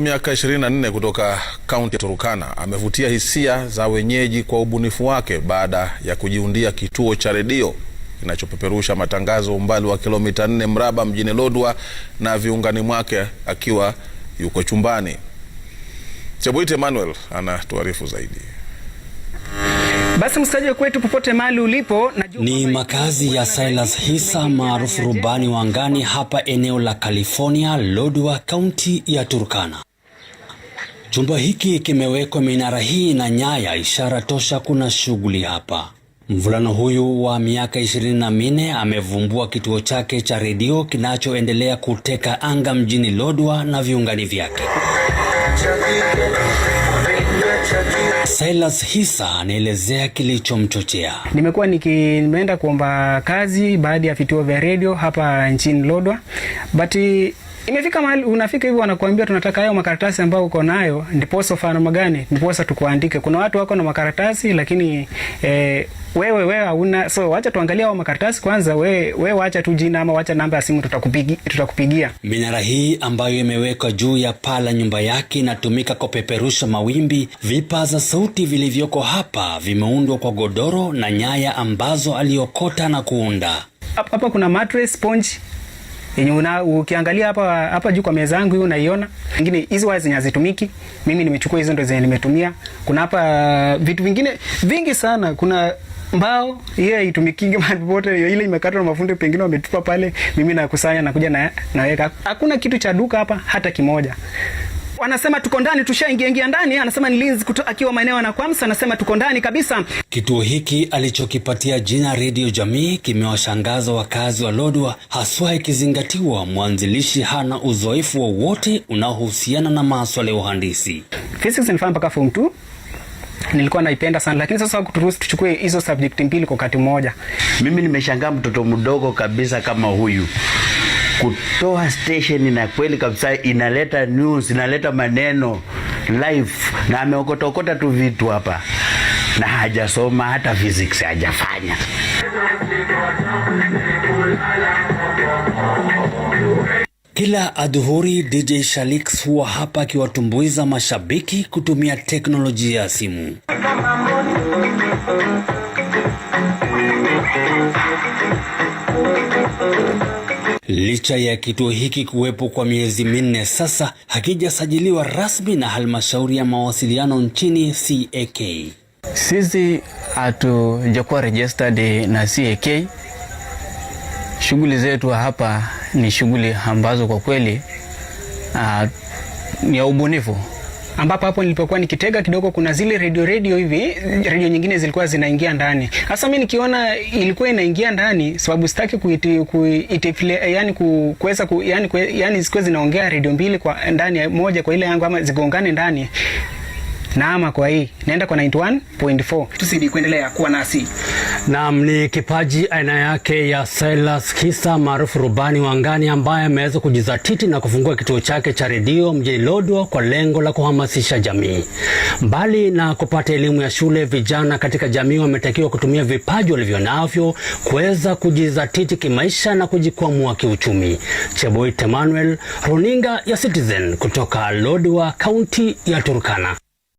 Miaka 24 kutoka kaunti ya Turkana amevutia hisia za wenyeji kwa ubunifu wake baada ya kujiundia kituo cha redio kinachopeperusha matangazo umbali wa kilomita 4 mraba mjini Lodwar na viungani mwake akiwa yuko chumbani. Chebuit Emmanuel anatuarifu zaidi. Basi msikilizaji kwetu popote mahali ulipo na ni makazi ya Silas Hisa maarufu rubani wa angani hapa eneo la California Lodwar, kaunti ya Turkana. Chumba hiki kimewekwa minara hii na nyaya, ishara tosha kuna shughuli hapa. Mvulana huyu wa miaka ishirini na minne amevumbua kituo chake cha redio kinachoendelea kuteka anga mjini lodwa na viungani vyake. Silas Hisa anaelezea kilichomchochea. Nimekuwa niki kuomba kazi baadhi ya vituo vya redio hapa nchini Lodwa but Imefika mahali unafika hivi wanakuambia tunataka hayo makaratasi ambayo uko nayo, ndiposa ufahamu gani, ndiposa tukuandike. Kuna watu wako na makaratasi lakini eh, wewe wewe hauna, so wacha tuangalie hao makaratasi kwanza. Wewe wewe acha tu jina ama acha namba ya simu, tutakupigia tutakupigia. Minara hii ambayo imewekwa juu ya paa la nyumba yake inatumika kupeperusha mawimbi. Vipaza sauti vilivyoko hapa vimeundwa kwa godoro na nyaya ambazo aliokota na kuunda hapa. Kuna mattress sponge yenye una ukiangalia hapa hapa juu kwa meza yangu hii unaiona, nyingine hizo wazi zenye hazitumiki, mimi nimechukua hizo ndo zenye nimetumia. Kuna hapa uh, vitu vingine vingi sana, kuna mbao hiyo yeah, itumikingi mahali popote. Ile imekatwa na mafundi pengine wametupa pale, mimi nakusanya nakuja na naweka. Hakuna kitu cha duka hapa hata kimoja. Anasema tuko ndani, tushaingia ingia ndani. Anasema ni Linz akiwa maeneo na Kwamsa, anasema tuko ndani kabisa. Kituo hiki alichokipatia jina Radio Jamii kimewashangaza wakazi wa Lodwar, haswa ikizingatiwa mwanzilishi hana uzoefu wowote unaohusiana na masuala ya uhandisi. Physics nilifahamu mpaka form 2 nilikuwa naipenda sana lakini sasa kuturuhusu tuchukue hizo subject mbili kwa wakati mmoja. Mimi nimeshangaa mtoto mdogo kabisa kama huyu kutoa station, na kweli kabisa inaleta news, inaleta maneno life, na ameokotaokota tu vitu hapa na hajasoma hata physics hajafanya. Kila adhuhuri DJ Shalix huwa hapa akiwatumbuiza mashabiki kutumia teknolojia ya simu. Licha ya kituo hiki kuwepo kwa miezi minne sasa, hakijasajiliwa rasmi na halmashauri ya mawasiliano nchini CAK. Sisi hatujakuwa registered na CAK. Shughuli zetu hapa ni shughuli ambazo kwa kweli ah, ni ya ubunifu ambapo hapo nilipokuwa nikitega kidogo, kuna zile radio radio hivi radio nyingine zilikuwa zinaingia ndani. Sasa mimi nikiona ilikuwa inaingia ndani, sababu sitaki kuiti, kuiti yani kuweza ku, yani, yani zinaongea radio mbili kwa ndani moja kwa ile yangu ama zigongane ndani naama kwa hii naenda kwa 91.4. tusidi kuendelea kuwa nasi. Naam, ni kipaji aina yake ya Silas Kisa maarufu rubani wa ngani ambaye ameweza kujizatiti na kufungua kituo chake cha redio mjini Lodwar kwa lengo la kuhamasisha jamii. Mbali na kupata elimu ya shule, vijana katika jamii wametakiwa kutumia vipaji walivyonavyo kuweza kujizatiti kimaisha na kujikwamua kiuchumi. Cheboit Emmanuel, runinga ya Citizen kutoka Lodwar, kaunti ya Turkana.